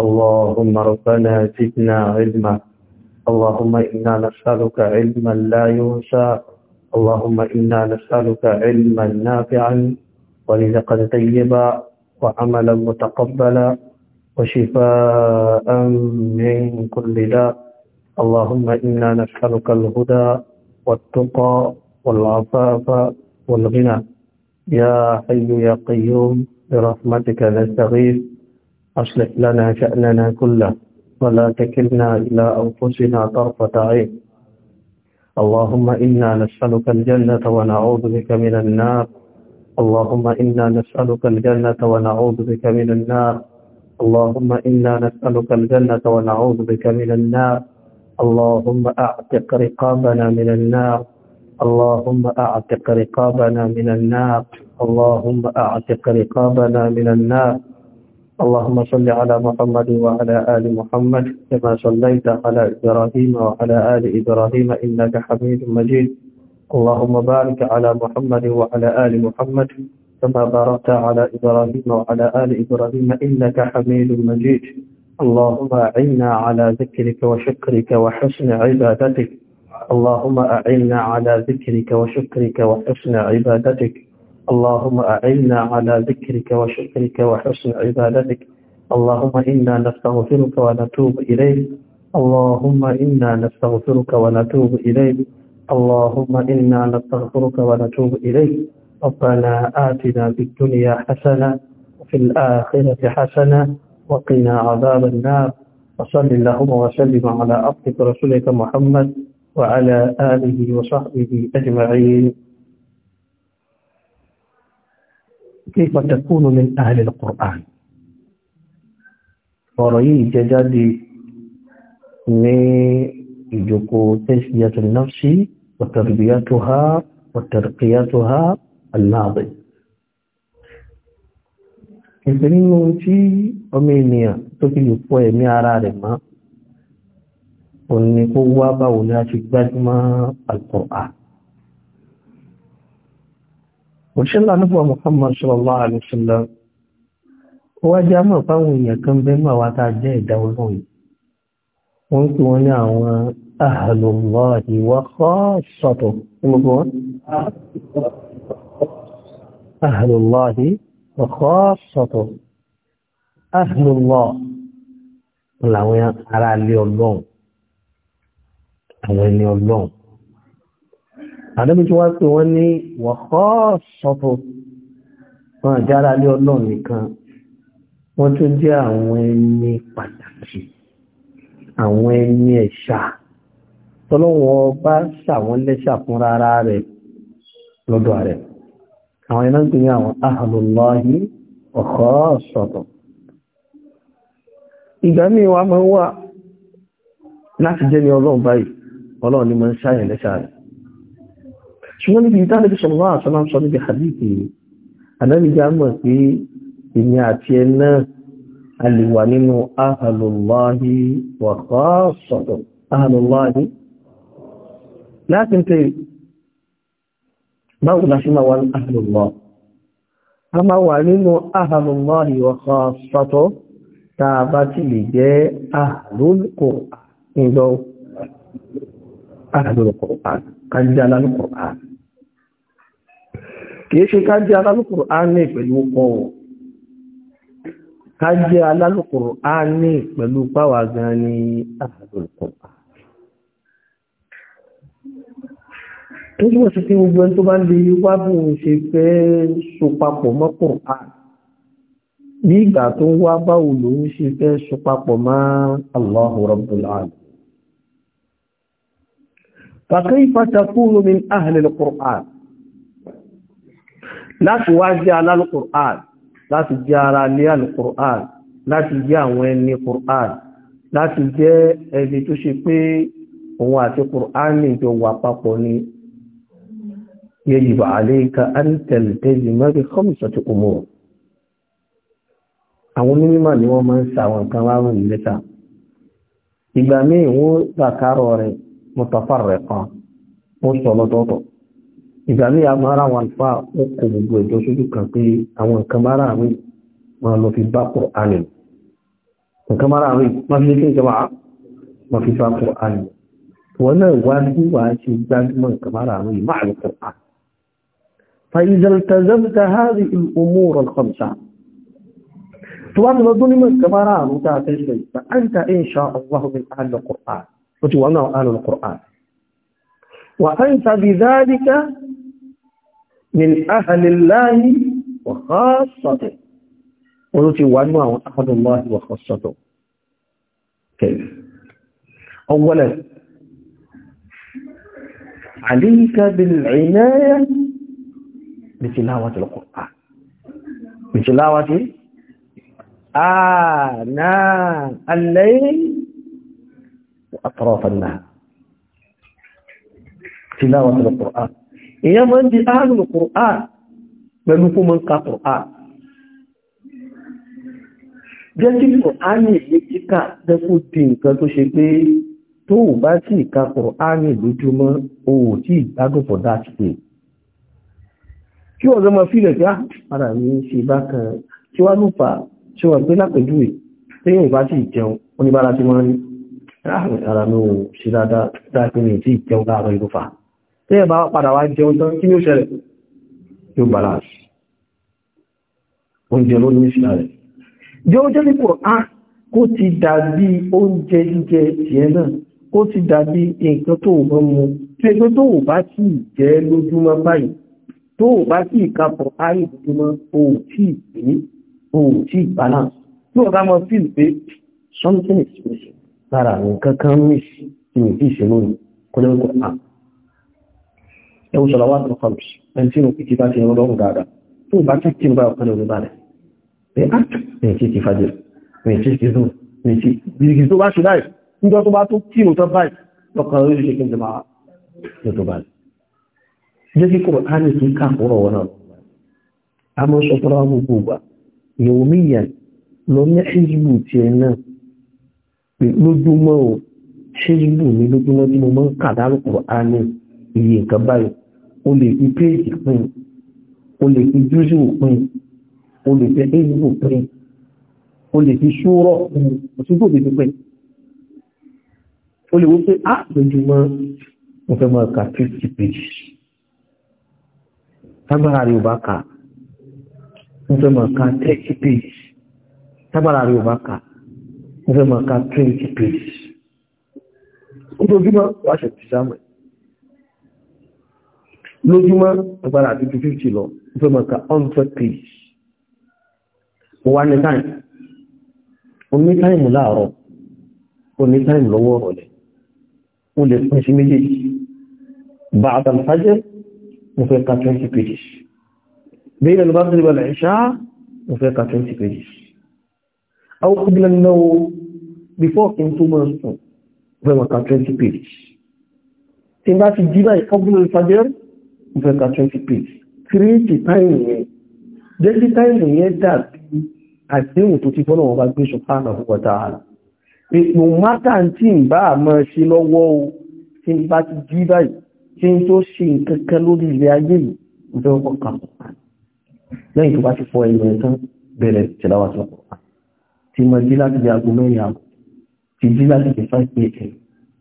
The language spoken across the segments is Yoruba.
اللهم ربنا زدنا علما اللهم إنا نسألك علما لا ينسى اللهم إنا نسألك علما نافعا ورزقا طيبا وعملا متقبلا وشفاء من كل داء اللهم إنا نسألك الهدى والتقى والعفاف والغنى يا حي يا قيوم برحمتك نستغيث أصلح لنا شأننا كله ولا تكلنا إلى أنفسنا طرفة عين اللهم إنا نسألك الجنة ونعوذ بك من النار اللهم إنا نسألك الجنة ونعوذ بك من النار اللهم إنا نسألك الجنة ونعوذ بك من النار اللهم أعتق رقابنا من النار اللهم أعتق رقابنا من النار اللهم أعتق رقابنا من النار اللهم صل على محمد وعلى آل محمد كما صليت على إبراهيم وعلى آل إبراهيم إنك حميد مجيد اللهم بارك على محمد وعلى آل محمد كما باركت على إبراهيم وعلى آل إبراهيم إنك حميد مجيد اللهم أعنا على ذكرك وشكرك وحسن عبادتك اللهم أعنا على ذكرك وشكرك وحسن عبادتك اللهم أعنا على ذكرك وشكرك وحسن عبادتك اللهم إنا نستغفرك ونتوب إليك اللهم إنا نستغفرك ونتوب إليك اللهم إنا نستغفرك ونتوب إليك ربنا آتنا في الدنيا حسنة وفي الآخرة حسنة وقنا عذاب النار وصل اللهم وسلم على عبدك رسولك محمد وعلى آله وصحبه أجمعين كيف تكون من أهل القرآن ورأي جدادي ويجوكو تسبية النفس وتربيتها وترقيتها الماضي ìpín nínú tí ọmọ ènìyàn tó fi lè pọ̀ ẹ̀mí ara rẹ̀ mọ́ òun ni kó wá báwo ni a ti gbájúmọ́ al òṣèlá nípa Muhammad sallallahu alaihi wasallam wá jẹ́ àmọ́ fáwọn èèyàn kan bẹ́ẹ̀ máa wá tá a jẹ́ ẹ̀dá olóyè wọ́n tí wọ́n ní àwọn ahlullahi wa khassatuh gbogbo wọn ahlullahi wa khassatuh ahlullah àdẹ́bí tí wọ́n pè wọ́n ní wọ̀kọ́ sọ́tọ̀ wọn àjára lé ọlọ́run nìkan wọ́n tún jẹ́ àwọn ẹni pàtàkì àwọn ẹni ẹ̀ṣà tọ́lọ́wọ́ bá ṣàwọn lẹ́ṣà fún rárá rẹ̀ lọ́dọ̀ rẹ̀ àwọn iná ń àwọn ahàlùlọ́hí ọ̀kọ́ sọ́tọ̀ ìgbà míì wà máa wà láti jẹ́ ní ọlọ́run báyìí ọlọ́run ni máa ń ṣàyàn lẹ́ṣà rẹ̀ ṣùgbọ́n níbi ìdánilẹ́bí sọ̀rọ̀ àṣọ́lám sọ níbi hadithi anábìjá mọ̀ pé èmi àti ẹ náà a lè wà nínú ahàlùláhí wa khassatuh ahàlùláhí láti ń tẹ́ báwo láti máa wà ní ahàlùláhí a máa wà nínú ahàlùláhí wa khassatuh tàà ti lè jẹ́ ahàlùkùrán ìjọ ahàlùkùrán kájálálùkùrán kìí ṣe ká jẹ́ alálùkùrù áánì pẹ̀lú ọwọ̀ ká jẹ́ alálùkùrù áánì pẹ̀lú páwà gan ni àbàdùnkù tó ṣe wọ́n tí gbogbo ẹni tó bá ń lè wá bí wọ́n ṣe fẹ́ so papọ̀ mọ́ Qur'an bí ìgbà tó ń wá báwo lòun ṣe fẹ́ so papọ̀ Allahu Rabbul Alamin fa kayfa takunu min ahli quran láti wá jẹ́ alálùkùrán láti jẹ́ ara lé alùkùrán láti jẹ́ àwọn ẹni kùrán láti jẹ́ ẹni tó ṣe pé òun àti kùrán ní ìjọ wà papọ̀ ni yajibu alayka an taltazima bi khamsati umur àwọn onímọ̀ ni wọ́n máa ń sàwọn nǹkan márùn-ún ìgbà ní àwọn ará wọn fa ó kò gbogbo ìjọ sójú kan pé àwọn nǹkan mara àwí wọn lọ fi bá pọ̀ ànì nǹkan mara àwí wọn fi lékè ìjọba wọn fi bá pọ̀ ànì wọn náà wá sí wàá ṣe gbájúmọ̀ nǹkan mara àwí máa lọ pọ̀ ànì. فإذا التزمت هذه الأمور الخمسة tuwan lo duni mun kamara mu ta tashi fa anta insha Allah min ahli alquran wato wannan ahlul qur'an وأنت بذلك من أهل الله وخاصته ونتي وأنواع أهل الله وخاصته كيف أولا عليك بالعناية بتلاوة القرآن بتلاوة آناء الليل وأطراف النهار tilawa tẹ̀lẹ̀ Qur'an èyàn máa ń di ààrùn Qur'an pẹ̀lú fún mọ́ ń ka Qur'an jẹ́ kí Qur'an ní èyí kíkà dẹ́kù di nǹkan tó ṣe pé tó ò bá tí ìka Qur'an lójúmọ́ o ò tí ìgbádùn for that day kí ọ̀dọ́ máa fílẹ̀ pé ara ah, mi ṣe bákan tí wá ló fà ṣe wà pé lápẹ̀júwe tí yóò bá sì jẹun oníbára ti máa ń ah, ara mi ò ṣe dáadáa dáa pé mi ò tí ìjẹun láàárọ̀ ìlú fà á tí ẹ bá padà wá jẹun tán kí ní ó ṣẹlẹ̀ yóò balance oúnjẹ ló ní ìṣẹ̀lẹ̀ jẹ́ oúnjẹ nípò á kó ti dàbí oúnjẹ jíjẹ tiẹ̀ náà kó ti dàbí nǹkan tó bá mu tí ẹgbẹ́ tó bá tí jẹ́ lójúmọ́ báyìí tó bá tí ìkàpọ̀ ayé lójúmọ́ ohun tí ìpín bá mọ́ fíìl ẹwù sọ̀lọ́wà tó kọ̀mù ẹni tí òkú ti bá ti rán lọ́rùn dáadáa tó bá tí kí n bá ọ̀kan lórí balẹ̀ pé á mi ti ti fàjẹ̀ mi ti ti zùn mi ti gbìgbì tó bá ṣe láì níjọ́ tó bá tó kí n tọ́ báyìí lọ́kàn lórí ṣe kí n jẹma lọ́tọ̀ balẹ̀ jẹ́ kí kò á ní kí ká kúrọ̀ wọn a mọ́ sọ fọ́nà gbogbo wa yòó mi yà lọ ní lójúmọ́ o ṣíṣbù lójúmọ́ tí mo máa ń kà iye nǹkan báyìí o lè fi péèjì pín o lè fi júṣù pín o lè fi éyìnbó pín o lè fi ṣúrọ̀ pín o tún tó lè fi pín o lè wó pé á ah, lójúmọ́ mo fẹ́ máa ka fifty page tágbára rí o bá kà mo fẹ́ máa ka thirty page tágbára rí o bá kà mo fẹ́ máa ka twenty page ojoojúmọ́ wàá ṣe ti sáwọn ẹ̀ lójúmọ́ agbára àti 250 lọ fẹ́ mọ̀ká 100 page wà ní time oní time láàárọ̀ oní time lọ́wọ́ ọ̀rọ̀lẹ̀ o lè pín sí méjèèjì bá àtàlfàjẹ́ mo fẹ́ ka 20 pages bẹ́ẹ̀ lọ bá tẹ́lẹ̀ bẹ̀rẹ̀ ṣá mo fẹ́ ka 20 pages àwọn kúbílẹ̀ náà before kí n tó mọ́ sùn fẹ́ mọ̀ká 20 pages tí n bá ti jí báyìí ọgbọ̀n ìfàjẹ́rẹ́ fẹ́ ka 20 page kírètì táìmù yẹn jẹ́ kí táìmù yẹn dàbí àdéhùn tó ti fọ́nà wọn bá gbé ṣùpánà fún ọ̀tá ààrẹ èpò mátà tí ń bá àmọ́ ṣe lọ́wọ́ o tí ń bá ti jí báyìí tí ń tó ṣe nǹkan kan lórí ilẹ̀ ayé yìí ìfẹ́ ọkọ̀ kan lẹ́yìn tó bá ti fọ ẹ̀yìn rẹ̀ tán bẹ̀rẹ̀ tìláwà tó pọ̀ ti mọ jí láti di aago mẹ́rin àbọ̀ ti jí láti di 5 a.m.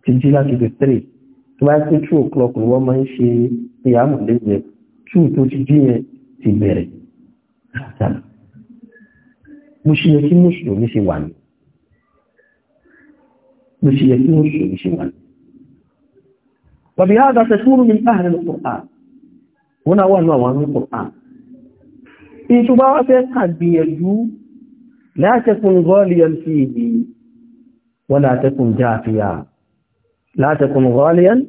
ti jí láti di 3 2 o'clock ni wọ́n máa ń ṣe ìyàmù lẹ́yẹ tú tó ti jí ẹ ti bẹ̀rẹ̀ mo ṣe yẹ kí mùsùlùmí ṣe wà ní mo ṣe yẹ kí mùsùlùmí ṣe wà ní wàbí hádà tẹ̀sùrù ní ààrẹ lọ́pọ̀á wọ́n náà wà ní àwọn lọ́pọ̀á ìtùbá wá fẹ́ kàgbìyànjú látẹkùn gọ́ọ̀lìyàn sí ibi wọ́n látẹkùn jáfíà látẹkùn gọ́ọ̀lìyàn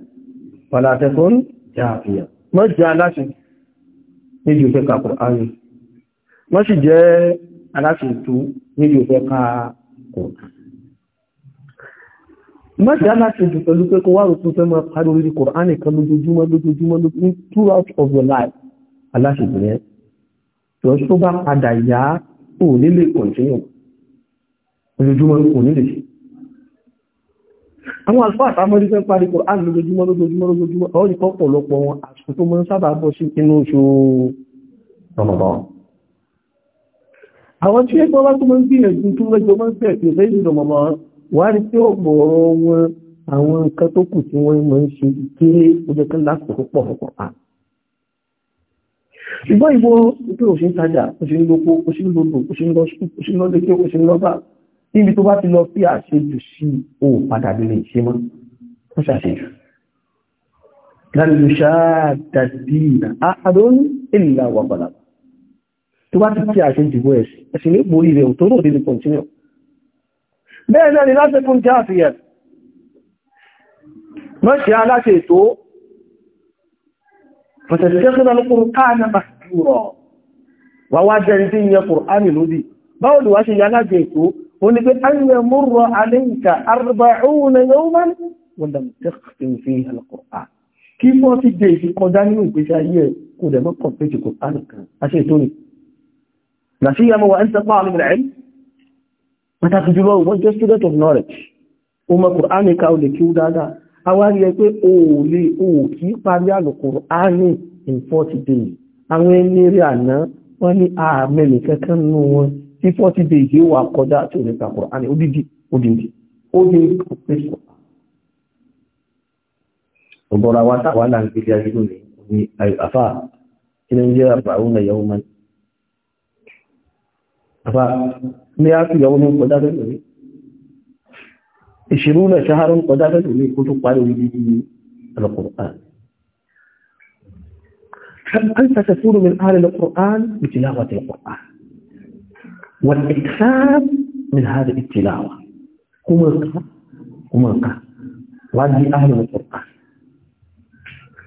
wọ́n látẹkùn jáàfihàn wọ́n jẹ́ aláṣẹ níbi òfẹ́ ka Kùránì wọ́n sì jẹ́ aláṣẹ ètò níbi òfẹ́ ka Kùránì wọ́n jẹ́ aláṣẹ ètò pẹ̀lú pé kó wá rò tún fẹ́ máa parí orí Kùránì kan lójoojúmọ́ lójoojúmọ́ throughout of your life aláṣẹ ètò yẹn lọ sí tó bá padà yá òun nílé kọ̀ntínú ojoojúmọ́ òun nílé sí àwọn alfa àtàmọ́rí fẹ́ parí Qur'an lójoojúmọ́ lójoojúmọ́ lójoojúmọ́ ọ́ ní pọ́pọ̀lọpọ̀ wọn àsìkò tó mọ́ sábà bọ́ sí inú oṣù Ramadan àwọn tí ẹgbọ́n bá tó mọ́ ń gbìyànjú tó lẹ́jọ́ mọ́ bẹ̀ẹ̀ tí lẹ́yìn Ramadan wà rí pé ọ̀pọ̀ ọ̀rọ̀ wọn àwọn nǹkan tó kù tí wọ́n mọ́ ń ṣe kéré ó jẹ́ kí lásìkò pọ̀ pọ̀ pa ṣùgbọ́n ìwọ níbi tó bá ti lọ sí àṣejù sí o padà lè ṣe mọ́ ó ṣàṣejù lálùṣà dàdínà àádọ́n ìlà wà padà tó bá ti kí àṣejù bó ẹ̀sì ẹ̀sì ní borí rẹ̀ tó lòdì ní kọ̀ntínú bẹ́ẹ̀ náà ni láti fún jáfíyàn mọ́ṣẹ́ aláṣẹ ètò fọ̀tẹ̀sẹ́sọ́nà lókùnrù káàna màkúrọ̀ wà wá jẹ́rin tí ń yẹ kùrù ánì lódì báwọn lùwá ṣe yá láti ètò ونقول أن يمر عليك أربعون يوما ولم تختم فيها القرآن كيف تجي في قدام بشاية قد ما قفيت القرآن أشيتوني لا سيما وأنت طالب العلم وتخجلوا وجه student of knowledge وما قرآن كاولي كيو دادا أوالي يقول أولي أوكي قرية القرآن in 40 days àwọn ẹni rí àná wọ́n ní ààmẹ́lì kankan nù wọn tí 40 days yóò wà kọjá tí ò ní ka Kùránì odidi odidi odidi pèsè ọgbọ̀rọ̀ àwọn àtàwà náà ń gbé ayé lónìí ní àfà kí ni ń jẹ́ àbàrún ẹ̀yàwó mọ́ni àfà ní a fi ìyàwó ní kọjá ṣaharun kọjá fẹ́lẹ̀ rí kó tó parí odidi alùkùrán هل أنت تكون من أهل القرآن بتلاوة القرآن والإكثار من هذه التلاوة هم القرآن هم القرآن وادي أهل القرآن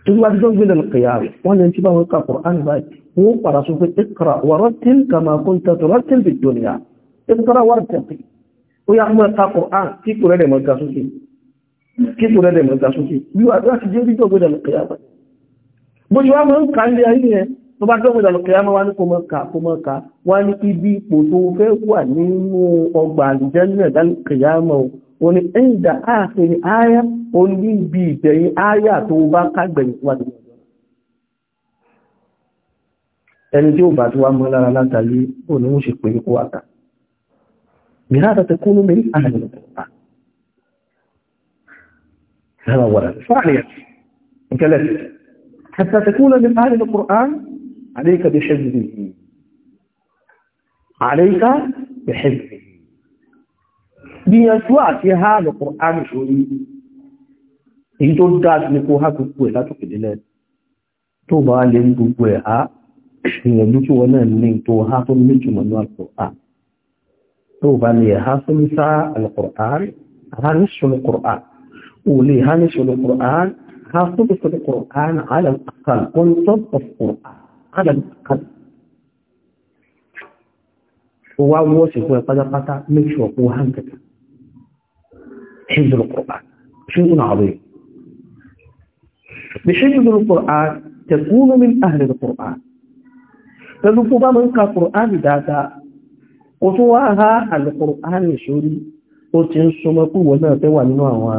تقول تزوج من القيامة وانا انتبه ويقرأ قرآن بعد هو رسول اقرأ ورتل كما كنت ترتل في الدنيا اقرأ ورتل ويا عمر قرآن في كل يوم كاسوسي kí kò rẹ̀lẹ̀ mọ̀ta sókè bí wà láti jẹ́ rígbọ̀ gbọ́dà lọ́kẹ̀yà bá. bó ṣe tó bá dogo ìdàlùkẹ́ kiyama wá ní kó mọ́ ká kó mọ́ ká wá ní ibi ipò tó fẹ́ wà nínú ọgbà àlùjẹ́nà ìdàlùkẹ́ yá mọ́ o ní inda ààfin aya o ní bi ìgbẹ̀yìn aya tó bá kágbẹ̀yìn ka wà nínú ọjọ́ ni en ti wá mọ́ lára látàlí la la tali ní ó ṣe pé kó ata mi wà ká بهذا تكون من أهل القرآن هذا أولا ثانيا ثلاثة حتى تكون من أهل القرآن عليك بحفظه عليك بحفظه gbìyànjú àti ha lọ́pọ̀ àmìṣòrí èyí tó dájú ní kó ha gbogbo ẹ̀ látòkèdélẹ̀ tó bá lè ń gbogbo ẹ̀ ha ìyànjú tí wọ́n náà ní tó ha tó méjì mọ̀ ní alkùnrin tó bá lè ha tó ní sá alkùnrin ha ní ṣọ́lọ́ kùnrin ò lè ha ní ṣọ́lọ́ kùnrin ha tó ní ṣọ́lọ́ kùnrin على الأقل هو وصف وقد مش وقوها هكذا حفظ القرآن شيء عظيم بحفظ القرآن تكون من أهل القرآن فالنفوضة من القرآن ذاتا قطوها القرآن الشوري وتنصمك ولا توانوا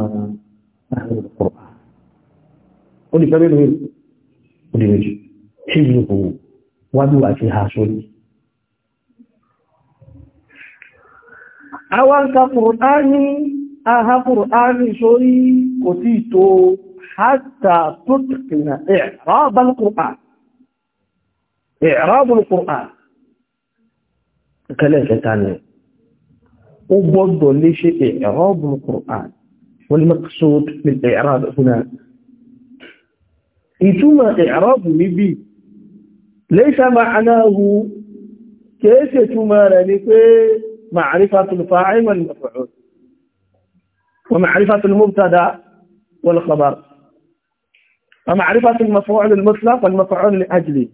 أهل القرآن قولي كبير قولي مجي حجه ودوا فيها سنة àwọn ka Kùránì aha Kùránì sórí kò tí tó hátà tó tìkìnà ìrọ́bàl Kùránì ìrọ́bàl Kùránì kẹlẹ̀ kẹta ni ó gbọ́dọ̀ lè ṣe ìrọ́bàl Kùránì wal maqsud bil ìtumọ̀ ìrọ́bù níbi ليس معناه كيف تمارني معرفة الفاعل والمفعول ومعرفة المبتدا والخبر ومعرفة المفعول المطلق والمفعول لأجله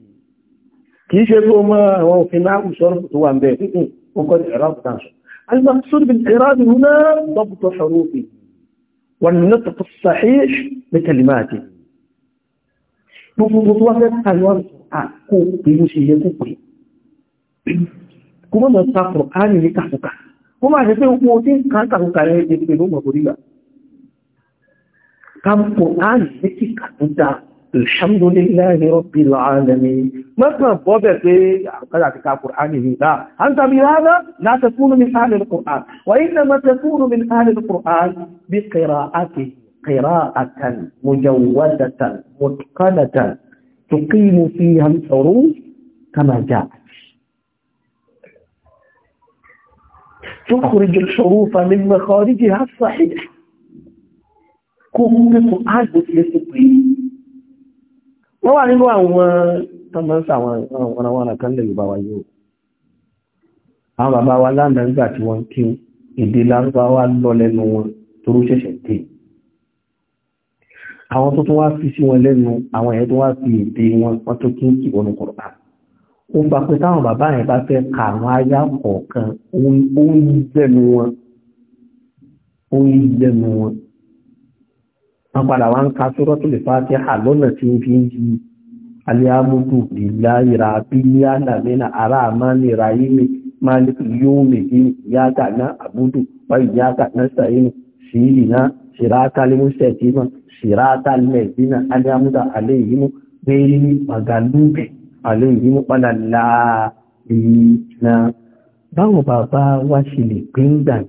كيف يقوم هو قماع نعم وشرب هو به وقد إعراب المقصود بالإعراب هنا ضبط حروفه والنطق الصحيح بكلماته gbogbo tó wá fẹ́ tàyọ́ àkó pẹ̀lú ṣe yẹ kúpẹ̀ kó mọ́ sàfọ̀ ààrin ní kàkùkà kó máa ṣe pé ó tí ń ká kàkùkà rẹ̀ ní pẹ̀lú mọ̀ orílẹ̀ kàkùkù ààrin ní kíkà tó dá alhamdulillahi rabbil alamin mọ́sàn bọ́bẹ̀ pé àkọ́lá ti kàkùkù ààrin ní قراءة مجودة متقنة تقيم فيها الحروف كما جاءت تخرج الحروف من مخارجها الصحيح كم تعبد لتقيم وعندما هو تم نسعى وانا وانا كان لي بوايو اما بوايو لان دنزاتي وانكيو ادي لان بوايو لنو تروشش التين àwọn tó tó wá fi sí wọn lẹ́nu àwọn ẹ̀yẹ́ tó wá fi èdè wọn wọ́n tó kí ń kí wọn kọ̀ọ̀pá ó gbà pé táwọn bàbá yẹn bá fẹ́ ka àwọn aya kọ̀ọ̀kan ó ń lẹ́nu wọn ó ń lẹ́nu wọ́n padà wá ń ka sọ́rọ́ tó lè fa ti hà lọ́nà tí ń fi ń yí aliamudu lila ira biliya lamina ara amani rayimi malik yomi yagana abudu wa yagana sayini سيرنا صراط المستقيم صراط الذين أنعمت عليهم غير المغضوب عليهم ولا الضالين báwo bàbá wá ṣe lè pín gbà ní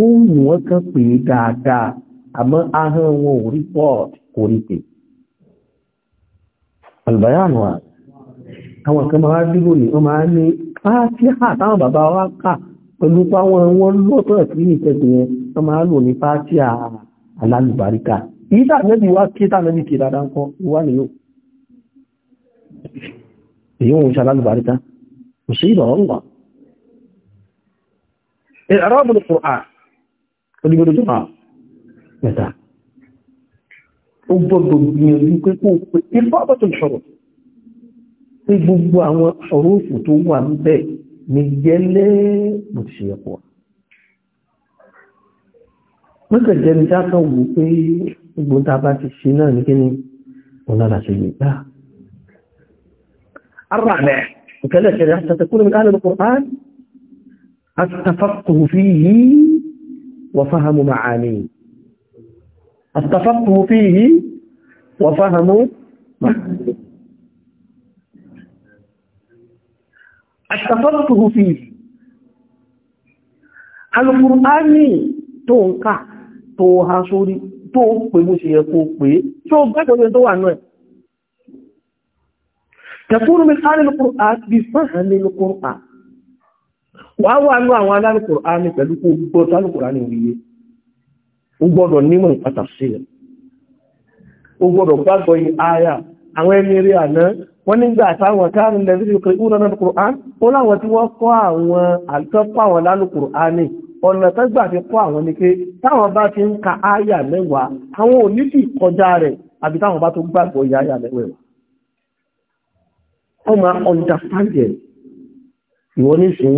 ó mú wọ́n kàn pé dáadáa àmọ́ ahọ́n wọn ò rí pọ̀ kò rí pé albayanu àwọn kan máa dúró ní wọ́n máa ní fátíhà táwọn bàbá wa kà pẹ̀lú páwọn wọn lọ́tọ̀ sí ìtẹ̀sìn yẹn wọ́n máa lò ní pàtí alálùbáríkà yìí tàbí wá kí tàbí kí dáadáa ń kọ́ wá nìyó èyí wọn ṣe alálùbáríkà kò sí ìdọ̀ ọ̀rùn wà ẹ̀rọ ọ̀bùn fòrà olùgbòdò jọba mẹ́ta ó gbọ́dọ̀ gbìyànjú pé kó pé nígbẹ́lẹ́ bó ti ṣe pọ̀. mọ́kà jẹni tá kan wù pé gbogbo tá bá ti ṣe ní الرابع وكذلك حتى تكون من أهل القرآن التفقه فيه وفهم معانيه التفقه فيه وفهم معانيه àṣàtọ́lọ́tòhù fi alùkùránì tó ń ká tó ha sórí tó pè mú ṣe ẹkùn pé tó gbẹ́gbẹ́ tó wà náà tẹ̀kùrù mi sáré lùkùrán bí fáhàn ní lùkùrán wà wà ní àwọn alùkùránì pẹ̀lú kó gbọ́dọ̀ alùkùránì wíyé ó gbọ́dọ̀ àwọn ẹni rí àná wọ́n nígbà táwọn káàrin lẹ́rí ìkọ̀ ìrànà kùrán ó láwọn tí wọ́n kọ́ àwọn àtọ́pọ̀ àwọn lálùkùránì ọ̀nà tó gbà fi kọ́ àwọn ní pé táwọn bá ti ń ka áyà mẹ́wàá àwọn òní sì kọjá rẹ̀ àbí táwọn bá tó gbàgbọ́ ìyá áyà mẹ́wàá ó máa understand it ìwọ ní sí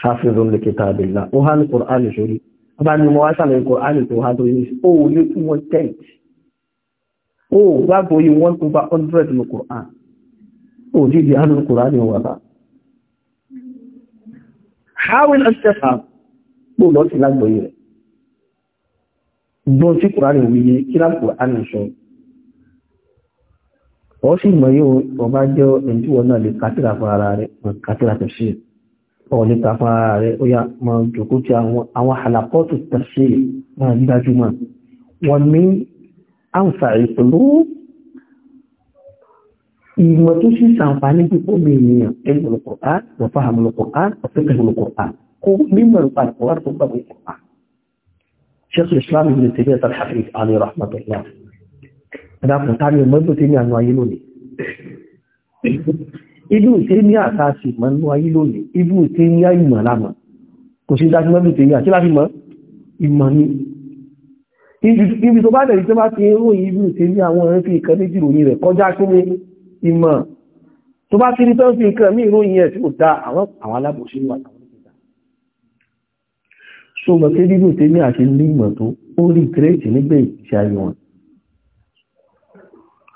ṣàfihàn Oh, ó gbàgbọ́ you want over hundred ní Qur'an ó dìde àrùn Qur'an ní wàbá hawin al-shafa bó lọ sí lágbọ́ yìí boy? Don't you Qur'an wíyé kill lá Qur'an show? ọ sì mọ̀ yóò ọba jẹ́ ẹni tí wọ́n náà lè kátìrà fún ara rẹ̀ kátìrà tẹ̀sí ọ̀lẹ́ tàfà rẹ̀ ó yá ma jòkó tí àwọn halakọ́tù tẹ̀sí máa dájúmọ̀ wọ́n ní àǹfààní pẹ̀lú ìmọ̀ tó ṣe sàǹfààní púpọ̀ mi ènìyàn ẹgbẹ̀rún Qur'an wọ̀fà àmúlò Qur'an ọ̀fẹ́kẹ̀rún Qur'an kó mímọ̀ nípa Qur'an tó Islam ibn Taymiyyah al-Hafiz alayhi rahmatullah ẹ̀dàkùn tàbí mọ́tò tí ní àánú ayé lónìí ibú tí ní àtàṣì mọ́ ní ayé lónìí ibú tí ní àìmọ̀ lámọ̀ kò sí dájú mọ́tò tí láti mọ́ ìmọ̀ ni ibi tó bá dẹ̀ tí ó bá ti ròyìn ibi tí ní àwọn ẹ̀rẹ́ fi ìkan méjì ròyìn rẹ̀ kọjá sí ní ìmọ̀ tó bá ti rí tán fi ìkan mí ìròyìn ẹ̀ tí ó dá àwọn alábòsí wà láwọn ìgbà so mọ̀ sí bíbù tí ní àṣẹ ní ìmọ̀ tó ó rí ìtìrẹ́ẹ̀tì nígbẹ̀ ìṣẹ́ ayé wọn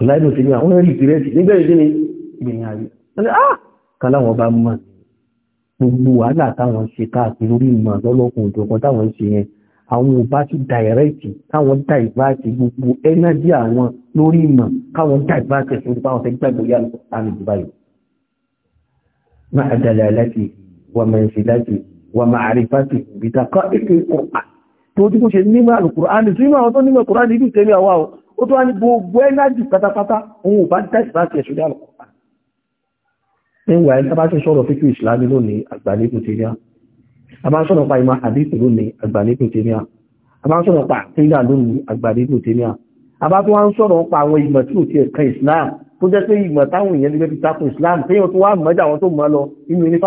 láìbò tí ní àwọn rí ìtìrẹ́ẹ̀tì nígbẹ̀ ìṣẹ́ ní ìgbẹ̀yìn ayé ah! káláwọn bá mọ̀ gbogbo wàhálà táwọn ṣe káàkiri orí ìmọ̀ lọ́lọ́kùn òjò àwọn ò bá ti dàìrẹ́tì káwọn dàìbáàtì gbogbo ẹnẹ́dì àwọn lórí ìmọ̀ káwọn dàìbáàtì tó bá wọn fẹ́ gbàgbọ́ yà lọ àmì dubai máa dàlẹ̀ aláti wà máa ń fi láti wà máa rí fásitì ìbíta kọ́ èké kọ̀ọ̀pá tó tí kò ṣe nímọ̀ alùkùránì tí wọ́n tó nímọ̀ kùránì ibi tẹ́lẹ̀ àwa o ó tó wá ní gbogbo ẹnẹ́dì pátápátá òun ò bá dàìbáàtì ẹ̀ṣọ́ yà lọ a máa sọ̀rọ̀ pa ìmọ̀ àdíkù lónìí àgbàlẹ́kù tèmíà a máa sọ̀rọ̀ pa kíńdà lónìí àgbàlẹ́kù tèmíà a bá tó wá ń sọ̀rọ̀ pa àwọn ìmọ̀ tí ò ti ẹ̀ka Islam Islam téèyàn tó wá mọ́jà àwọn tó mọ́ lọ inú ní ni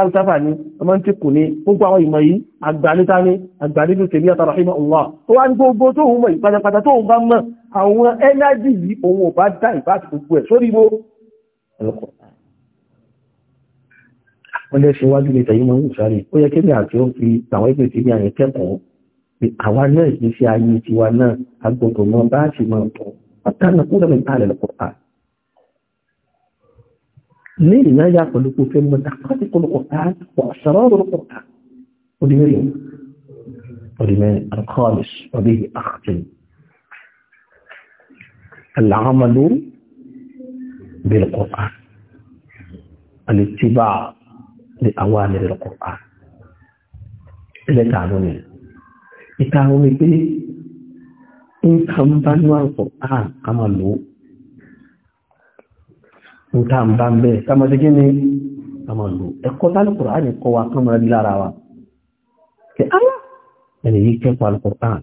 ọmọ tí kò ní gbogbo àwọn ìmọ̀ yìí ni àgbàlẹ́dù tèmi àtàrà ìmọ̀ ọ̀wà tó wá ní gbogbo tó ń mọ̀ ìpàdàpàdà tó ń bá mọ̀ àwọn ẹnájì yìí òun ò bá dá ìbá àti gbogbo ẹ̀ sórí mo wọ́n lẹ́ ṣe wájú lẹ́tà yìí mọ́ ní ìṣàrí ó yẹ kébì àti ó fi àwọn ẹgbẹ́ ti bí àyẹ̀ kẹ́kọ̀ọ́ àwa náà kì í ṣe ayé tiwa náà agbọ́dọ̀ mọ bá ṣe máa tọ̀ àtàlà kúrò mi tààlẹ̀ lọ́pọ̀ pa. ní ìyá ya pẹ̀lú kò fẹ́ mọ́ dákọ́tì kò lọ́pọ̀ pa wà ṣọ̀rọ̀ lọ́pọ̀ pa. ó di mẹ́rin ó di mẹ́rin alkọ́ọ̀lì ọ̀bí àkàtì. العمل بالقرآن الاتباع àwọn àmìrì Al-Qur'an lẹ́tàánú ni ìtàánú ni pé nǹkan bá ní Al-Qur'an ká máa lò ó nǹkan bá ń bẹ́ ká máa ṣe kí ni ká máa lò ẹ̀kọ́ Al-Qur'an ní kọ́ wa ká máa rí lára wa kí á ẹni yìí kẹ́kọ̀ọ́ Al-Qur'an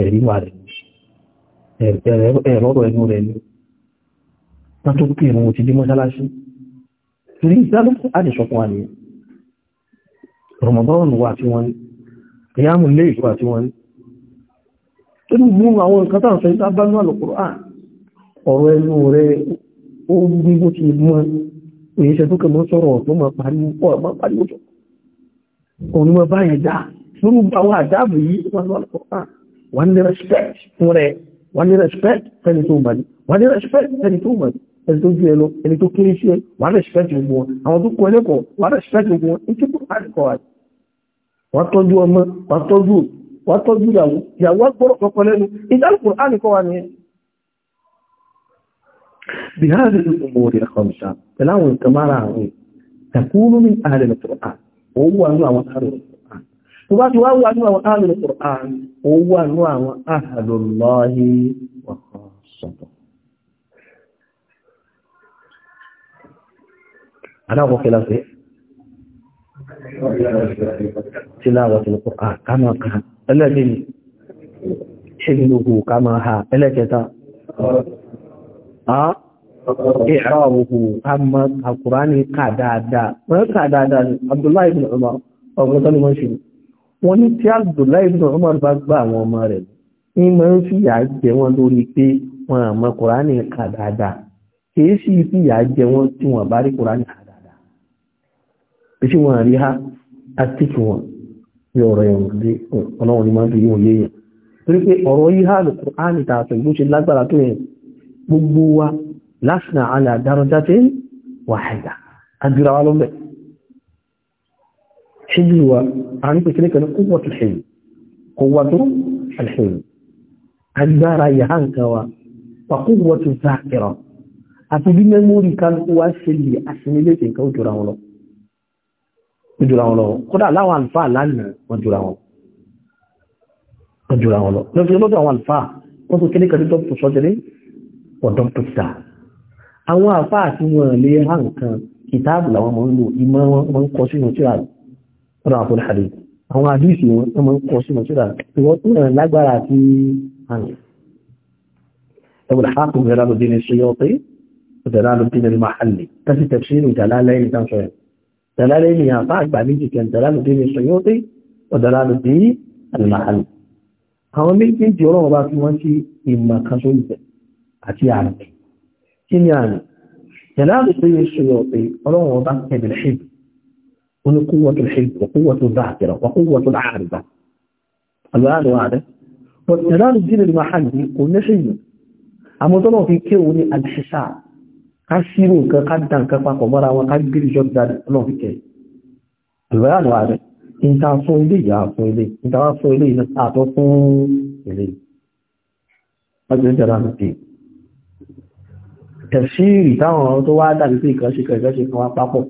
ẹ̀rí wà rẹ̀ ẹ̀rọ ẹnu rẹ̀ ni wọ́n tó pè wọ́n ti dé mọ́ṣáláṣí torí ìdálò àdìsọ́kún àní Ramadan wà tí wọ́n ìyámù lè ìwà tí wọ́n inú mú àwọn nǹkan tàà sọ ìta bá ní Al-Qur'an ọ̀rọ̀ ẹnu rẹ̀ ó ní bó ti mọ́ èyíṣẹ́ tó kẹmọ́ sọ̀rọ̀ tó ma pariwo pọ̀ ma pariwo tó òun ma bá yẹn dá lórí àwọn àdáàbò yìí wọ́n ní Al-Qur'an wọ́n ní respect fún rẹ̀ wọ́n ní respect fẹ́ni tó mọ̀ ní wọ́n ní respect fẹ́ni tó mọ̀ ní ẹni tó ju ẹ lọ ẹni tó kéré sí ẹ wàá respect gbogbo wọn àwọn tó kọ ẹ lẹ́kọ̀ọ́ wàá respect gbogbo wọn àti. tọ́jú ọmọ wàá tọ́jú wàá tọ́jú ìyàwó ìyàwó gbọ́dọ̀ kọ́kọ́ lẹ́nu ìdálùkù ànìkọ́ wa nìyẹn. bí a lè lóko mọ̀ òde ẹ̀kọ́ nìṣà pẹ̀lú àwọn nǹkan mára àwọn aláwọ̀ kí lásì tiláwọ̀tí al-Qur'an ká máa ká ẹlẹ́gbẹ̀ẹ́ ṣílùkù ká máa ha ẹlẹ́kẹta ìrọ̀wùkù ah, ká máa al-Qur'ani ká dáadáa wọ́n ká dáadáa ní Abdullahi ibn Umar ọgbọ́n tó ní wọ́n ṣe wọ́n ní tí Abdullahi ibn Umar bá gbá àwọn ọmọ rẹ̀ ní mọ́ ń fìyà jẹ wọn lórí pé wọn àmọ́ Qur'ani ká dáadáa kìí sí fìyà jẹ wọn tí wọn bá rí Qur'ani ká tí wọ́n rí ha àtìkì wọn bí ọ̀rọ̀ ẹ̀wọ̀n dé ọlọ́run ni máa ń fi yíwọ̀n yé yẹn torí pé ọ̀rọ̀ yí ha lùkù á ní tààtà ìgbó ṣe lágbára tó yẹn gbogbo wa lásìnà àlẹ́ àdáradá tí wàhálà àdúrà wa lọ́bẹ̀ ṣíjú wa a ń pèkínlẹ̀ kan kó wọ́n tó ṣe kó wọ́n tó alheri agbára yàhán kan wa pàkó wọ́n tó zákìrọ̀ àti bí mẹ́mórì kan wá ṣe lè aṣínílẹ̀ nǹkan ó jọra wọn lọ jùra wọn lọ kódà láwọn alfa lánàá wọn jùra wọn jùra wọn lọ lọ́fí lọ́dọ̀ àwọn alfa wọ́n tó kíní kẹ́lẹ́ dọ́pù sọ́jẹ́lẹ́ ọ̀dọ́ pẹ̀tà àwọn alfa àti wọn lè ha nǹkan kìtàbù làwọn mọ̀ ń lò ìmọ̀ wọn mọ̀ ń kọ sínú tíra ọ̀dọ̀ àpò ìhàdì àwọn àdìsí wọn mọ̀ ń kọ sínú tíra ìwọ́ tó rẹ̀ lágbára àti àmì ẹwùn àpò ìhàdì ní ṣe yọ pé ìdàlá ló dín ní دلالة إني أطاعك بعميجي كان دلالة دين الشيوطي ودلالة دين المحل هو ميجي جيرو وباك موانشي إما كسويت أتي عربي كين يعني دلالة دين الشيوطي ولو وضعك بالحب قوة الحب وقوة الذاكرة وقوة العارضة الآن وعده والدلالة الدين المحلي قلنا شيء أما ضلوا في كون الحساب ká sírò nǹkan ká dá nǹkan papọ̀ mọ́ra wọn ká gbé ìjọ gbà lọ́wọ́ fi kẹ̀. àlùbáyà lọ́wọ́ rẹ̀ níta fún ilé ìyá fún ilé níta wá fún ilé àtọ́ fún ilé ọjọ́ ìjọba pípé tẹ̀fṣírì táwọn ọ̀rọ̀ tó wá dàbí pé ìkan ṣe kẹ̀kẹ́ ṣe kan wá papọ̀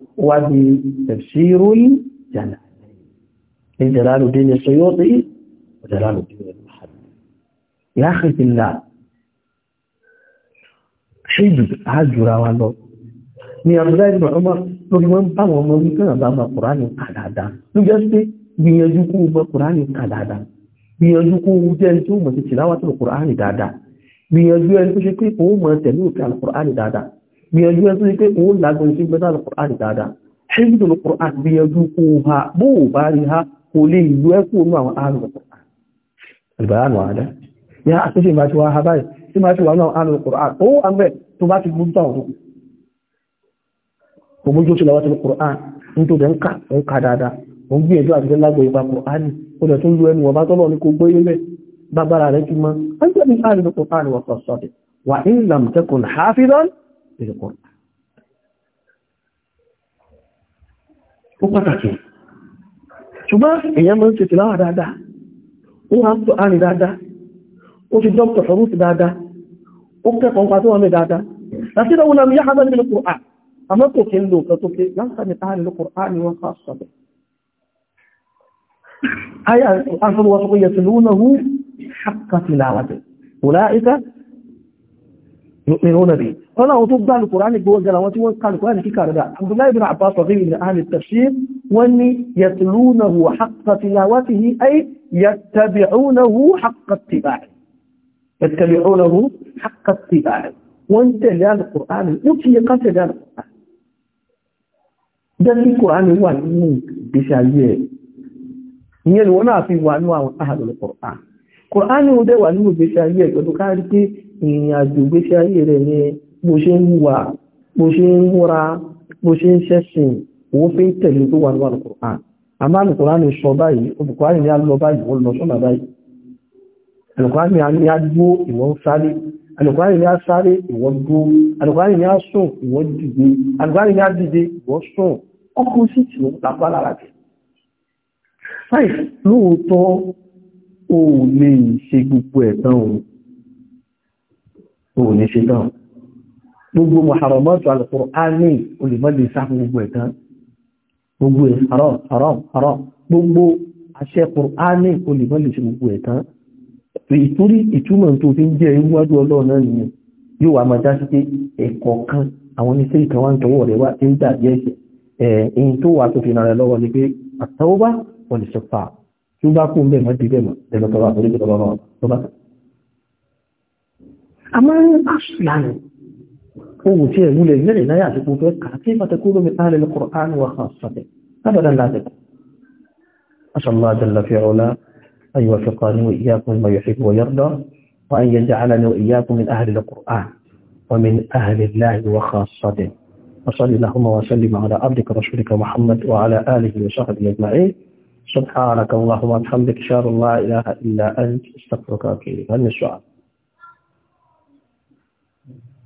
ó ṣéjù ájúra wa lọ ni abdullahi ọmọ lórí wọn bá wọn ọmọ wípé àbá ọmọ kùránì kà dáadáa ló jẹ́ pé gbìyànjú kó ọmọ kùránì kà dáadáa gbìyànjú kó owó jẹ́ tó mọ̀ sí tìláwàtò kùránì dáadáa gbìyànjú ẹni tó ṣe pé òun mọ̀ tẹ̀lé òkè alùkùránì dáadáa lágbọn sí gbẹ́dá alùkùránì dáadáa ṣébùdó alùkùránì gbìyànjú kó ha bó o bá rí ha kò lè ìlú ẹ kó nú àwọn alùkùránì ìbára nù àdá yá àtúnṣe máa ti wá ha báyìí tó bá ti gbójútó àwọn ológun kò mójú tó lọ́wọ́ tó kùrán nítorí ń kà ń kà dáadáa ó ń gbìyànjú àti lágbo ìpa kùrán ó dẹ̀ tó ń lu ẹnu ọba tọ́lọ́ ní kò gbé yẹlẹ̀ bàbára rẹ̀ ti mọ́ ń jẹ́ bí káàdì kùrán wà kọ̀ sọ́dẹ̀ wà ń lam tẹkùn hafidan ìlú kùrán. ó pàtàkì ó kẹ́kọ̀ọ́ ń tó wọ́n mẹ́ dáadáa láti ìdáwó náà yá nínú kùrá àmọ́ kò kí ń lo nǹkan tó ké láǹkà ní táà nínú kùrá ni ayà àfihàn yẹtù lóun náà hú naa ní gbogbo jẹrà ní kíkà rẹ̀ dáa abdullahi bin abbas sọ fún ìrìn ay yẹtàbí òun náà يتبعونه حق اتباعه وانت لان القرآن وكي يقاتل لان القرآن jẹ́sí kòránì wà nínú ìgbésí ayé ẹ̀ ìyẹn wọ́n náà fi wà ní àwọn ahàlùlù kòránì kòránì ó dẹ̀ wà nínú ìgbésí ayé ẹ̀ pẹ̀lú káàrí pé ìrìn àjò ìgbésí ayé rẹ̀ ní bó ṣe ń wà bó ṣe ń múra bó ṣe ń ṣẹ́sìn òun fi ń tẹ̀lé tó wà níwà kòránì àmọ́ kòránì sọ báyìí olùkọ́ránì ní alọ́ báyìí ó lọ sọ́nà báyìí alùkùránì ni a dúó ìwọ̀n sáré alùkùránì ni a sáré ìwọ̀n dúó alùkùránì ni a sùn ìwọ̀n dìde alùkùránì ni a dìde ìwọ̀n sùn opposite ló lápá lára jẹ five lóòótọ́ o lè ṣe gbogbo ẹ̀tàn òun o lè ṣe tán gbogbo muhammadu alùkùránì olùmọ́lẹ̀ sáfù gbogbo ẹ̀tàn gbogbo haram haram haram gbogbo àṣẹ kùránì olùmọ́lẹ̀ sí gbogbo ẹ̀tàn ìtorí ìtumọ̀ tó fi ń jẹ́ ìwádú ọlọ́run náà nìyẹn yóò wá máa dásí pé ẹ̀kọ́ kan àwọn oníṣẹ́ ìkan wá ń tọwọ́ rẹ̀ wá tí ń dàbí ẹ̀ṣẹ̀ ẹ̀yìn tó wà tó fi ràn rẹ̀ lọ́wọ́ ni pé àtàwọ́bá wọ́n lè ṣọpa tí ó bá kú ń bẹ̀ mọ́ di bẹ̀ mọ́ ẹ̀lọ́ tó tọrọ أن يوفقني وإياكم لما يحب ويرضى وأن يجعلني وإياكم من أهل القرآن ومن أهل الله وخاصته وصل اللهم وسلم على عبدك رسولك محمد وعلى آله وصحبه أجمعين سبحانك اللهم وبحمدك شاء الله لا إله إلا أنت استغفرك وأتوب هل السؤال؟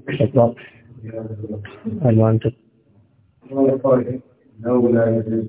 تفضل أيوه أنت لولا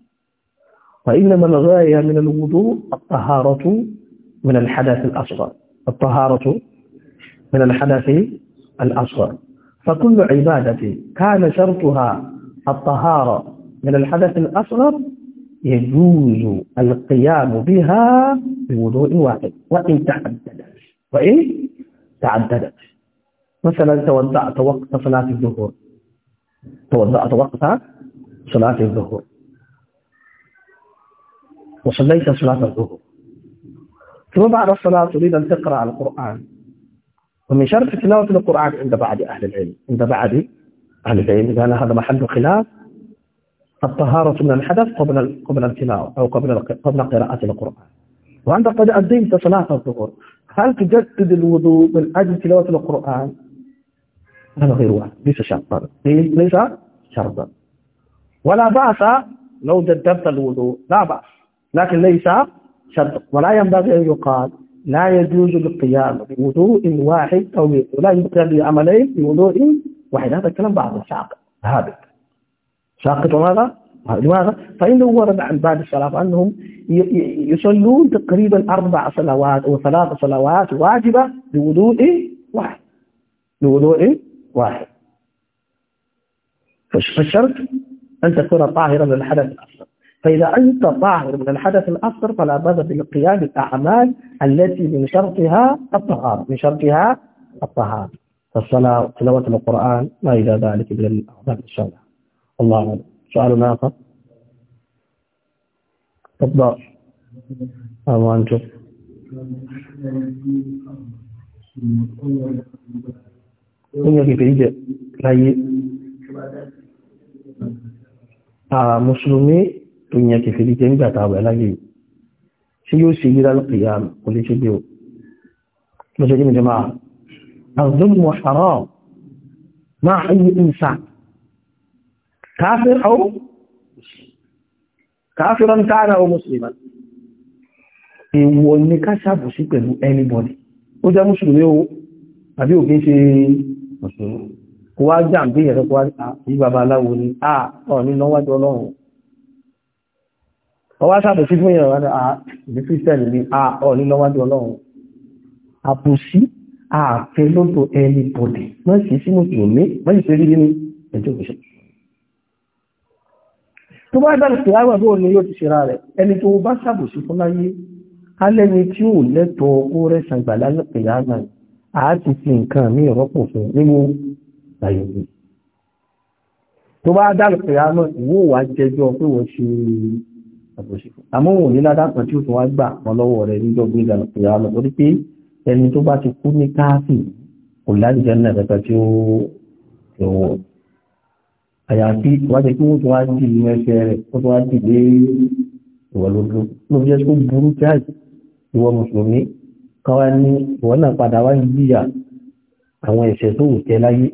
فإنما الغاية من الوضوء الطهارة من الحدث الأصغر الطهارة من الحدث الأصغر فكل عبادة كان شرطها الطهارة من الحدث الأصغر يجوز القيام بها بوضوء واحد وإن تعددت وإن تعددت مثلا توضعت وقت صلاة الظهر توضعت وقت صلاة الظهر وصليت صلاة الظهر ثم بعد الصلاة تريد أن تقرأ القرآن ومن شرط تلاوة القرآن عند بعض أهل العلم عند بعض أهل العلم لأن هذا محل خلاف الطهارة من الحدث قبل قبل التلاوة أو قبل قبل قراءة القرآن وعند قد أديت صلاة الظهر هل تجدد الوضوء من أجل تلاوة القرآن؟ هذا غير واحد ليس شرطا ليس شرطا ولا بأس لو جددت الوضوء لا بأس لكن ليس شرط ولا ينبغي أن يقال لا يجوز القيام بوضوء واحد أو لا يقيم بعملين بوضوء واحد هذا الكلام بعض ساقط هابط ساقط وماذا؟ لماذا؟ فإنه ورد عن بعض السلف أنهم يصلون تقريبا أربع صلوات أو ثلاث صلوات واجبة بوضوء واحد بوضوء واحد فالشرط أن تكون طاهرا للحدث الأصغر فإذا أنت طاهر من الحدث الأصغر فلا بد بالقيام الأعمال التي من شرطها الطهارة من شرطها الطهارة فالصلاة وتلاوة القرآن ما إلى ذلك من الأعمال إن شاء الله الله أعلم سؤال آخر تفضل أو أنت هي في بريد لا ي... آه مسلمي tó yẹn kèfèrí jẹ́ nígbà tàwẹ̀ láyé ṣe yóò ṣe yíra lọ́pìyà kò lè ṣe gbé o lọ́ṣẹ́ jẹ́ mẹ́jọ máa azọ́mù haram máa ayé ìsà káfíra ó kára ó anybody ó jẹ́ mùsùlùmí ó àbí òkè ṣe mùsùlùmí kò wá jàǹbí ẹ̀rọ kó wá ah, ah, ní bàbá aláwo ni à ọ̀ nínú wájú ọlọ́run ọwá sàbòsí fún èèyàn wọn àbí ah, kírísítẹ̀lì ah, ní ọ̀ní lọ́wọ́dé ọlọ́run àbòsí ààfẹ́ lọ́dọ̀ ẹni bọ̀dẹ̀ wọ́n sì sí mùsùlùmí wọ́n sì fẹ́rí nínú ẹjọ́ òṣèlú tó bá dá ìpè àwọn àbúrò ni yóò ti ṣe ra rẹ̀ ẹni tó bá sàbòsí fún láyé alẹ́ni tí ò lẹ́tọ̀ọ́ kó rẹ̀sàn gbà lálẹ́pẹ̀ yàrá àti fi nǹkan mí rọ́pò fún nínú àyẹ̀wò tó bá dá ìpè àwọn ìwò wà jẹjọ́ pé wọ́n ṣe àbòsí àmọ́ òun ní ládàpọ̀ tí ó tún wá gbà wọn lọ́wọ́ rẹ̀ níjọ́ gbé ìlànà pé àwọn ọmọ orí pé ẹni tó bá ti kú ní káàfì kò láìjẹ́ náà pẹ̀pẹ̀ tí ó wọ̀ àyàfi wájẹ́ kí wọ́n tún wá dì ní ẹsẹ̀ rẹ̀ ó tún wá dì dé ìwọ̀ ló jẹ́ kó burú jáì ìwọ mùsùlùmí káwá ní ìwọ náà padà wá ń àwọn ẹ̀ṣẹ̀ tó wù tẹ́ láyé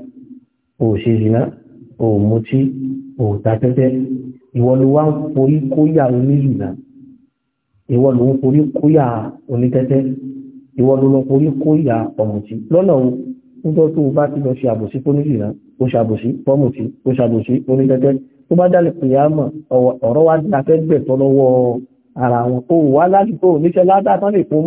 ìwọ ló wá ń forí kóyà oníyùnà ìwọ ló ń forí kóyà onítẹ́tẹ́ ìwọ ló lọ forí kóyà ọ̀mùtí lọ́nà o níjọ́ tó o bá ti lọ ṣe àbòsí fóníyùnà o ṣàbòsí fọ́mùtí o ṣàbòsí onítẹ́tẹ́ tó bá dálẹ̀ pìyàmọ̀ ọ̀rọ̀ wá di afẹ́gbẹ̀tọ́ lọ́wọ́ ara wọn o wá ládùúgbò níṣẹ́ ládàá tán lè fún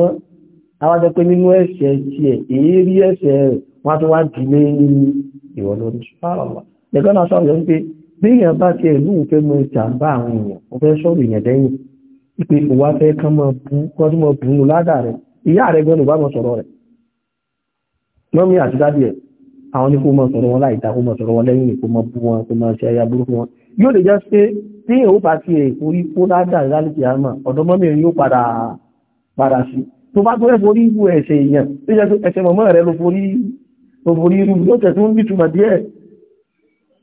mọ́ béèyàn bá ti ẹ̀lú òfẹ́ mọ ìjàmbá àwọn èèyàn mo fẹ́ sọ̀rọ̀ èèyàn lẹ́yìn ìpè kò wá fẹ́ kán mọ bú kán tó mọ bú nu ládà rẹ̀ ìyá rẹ̀ gan-an bá mọ sọ̀rọ̀ rẹ̀ mọ́mí àti dábì ẹ̀ àwọn ní kó mọ sọ̀rọ̀ wọn láì dá kó mọ sọ̀rọ̀ wọn lẹ́yìn kó mọ bú wọn kó mọ ṣe ẹyà burúkú wọn yóò lè jẹ́ pé tí èèyàn bá ti orí kó ládà rẹ̀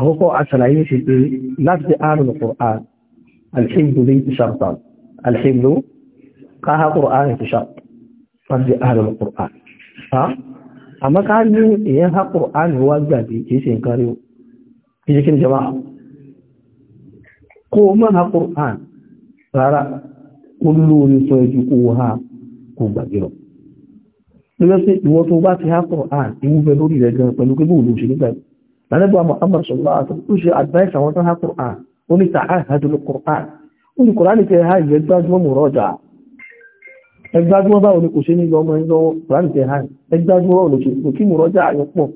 àkọ́kọ́ aṣàlàyé ṣe pé láti àrùn Qur'an alhimdu bí ti ṣàrtàn alhimdu káha Qur'an ti ṣàrt láti àrùn Qur'an ha àmọ́ ká ní èyàn ha Qur'an wá gbàgbé kìí ṣe nǹkan río kìí kí ni jama kó mọ́ ha Qur'an rárá ó lórí fún kó ha kó gbàgbé lọ lọ́wọ́ ìwọ́n tó bá ti ha Qur'an ìwúfẹ́ lórí rẹ̀ gan pẹ̀lú pé bóòlù ṣe lánàbọ̀ Muhammad sallallahu alaihi wasallam ó ṣe advice àwọn tó ń ha Qur'an ó ní ta'ahadu al-Qur'an ó ní Qur'an tẹ ha yẹ gbájúmọ́ muraja ẹgbájúmọ́ báwo ni kò ṣe ní lọ ọmọ ẹlọ́wọ́ Qur'an tẹ ha ẹgbájúmọ́ báwo ló ṣe kò kí muraja àyọ pọ̀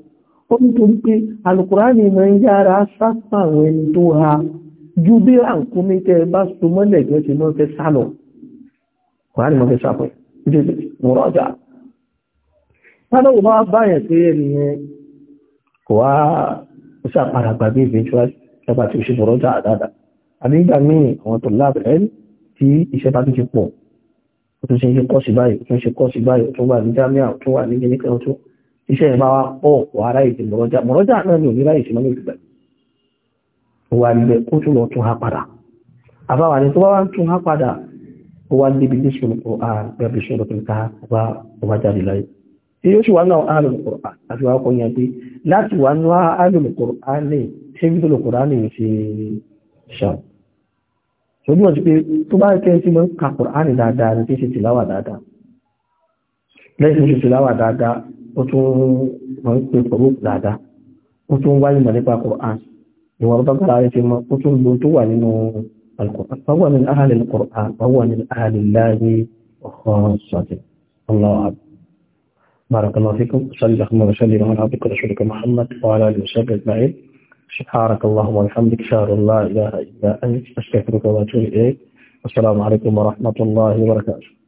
ó ní torí pé al-Qur'an ni mọ̀ ẹni wá ṣàpàràgbà bí eventual ẹgbà tí ó ṣe fọ́rọ́jà àdáadáa àbí ìgbà míì àwọn tó lábẹ́ tí iṣẹ́ bá tún ti pọ̀ ó tún ṣe ń ṣe kọ́ọ̀sì báyìí ó tún ṣe kọ́ọ̀sì báyìí ó tún wà ní jámíà ó wà ní gíní kan iṣẹ́ ìbá wà ráyè ti mọ̀rọ́jà mọ̀rọ́jà náà ni òní ráyè ní ìgbà wà níbẹ̀ ni tó bá wá ń tún há padà ó wá níbi ní ṣòro kó a gbẹ̀bí ṣòro kí n ká wá ọba èyí ó sì wá náà alùlùkùrán àti wà ọkùnrin àti láti wà náà alùlùkùrán lè ṣe bí tólùkùrán lè ṣe ṣàn ṣojú wọn ti pé tó bá kẹ́ sí mọ́ ka kùrán dáadáa ní ṣe tìláwà dáadáa lẹ́yìn ṣe tìláwà dáadáa ó tún wọ́n pè pẹ̀lú dáadáa ó tún wáyé mọ̀ nípa kùrán ìwọ̀n tó bá rẹ̀ ṣe mọ́ بارك الله فيكم صلى عليه وسلم على عبدك ورسولك محمد وعلى اله وصحبه اجمعين سبحانك اللهم وبحمدك اشهد ان لا اله الا انت استغفرك واتوب اليك والسلام عليكم ورحمه الله وبركاته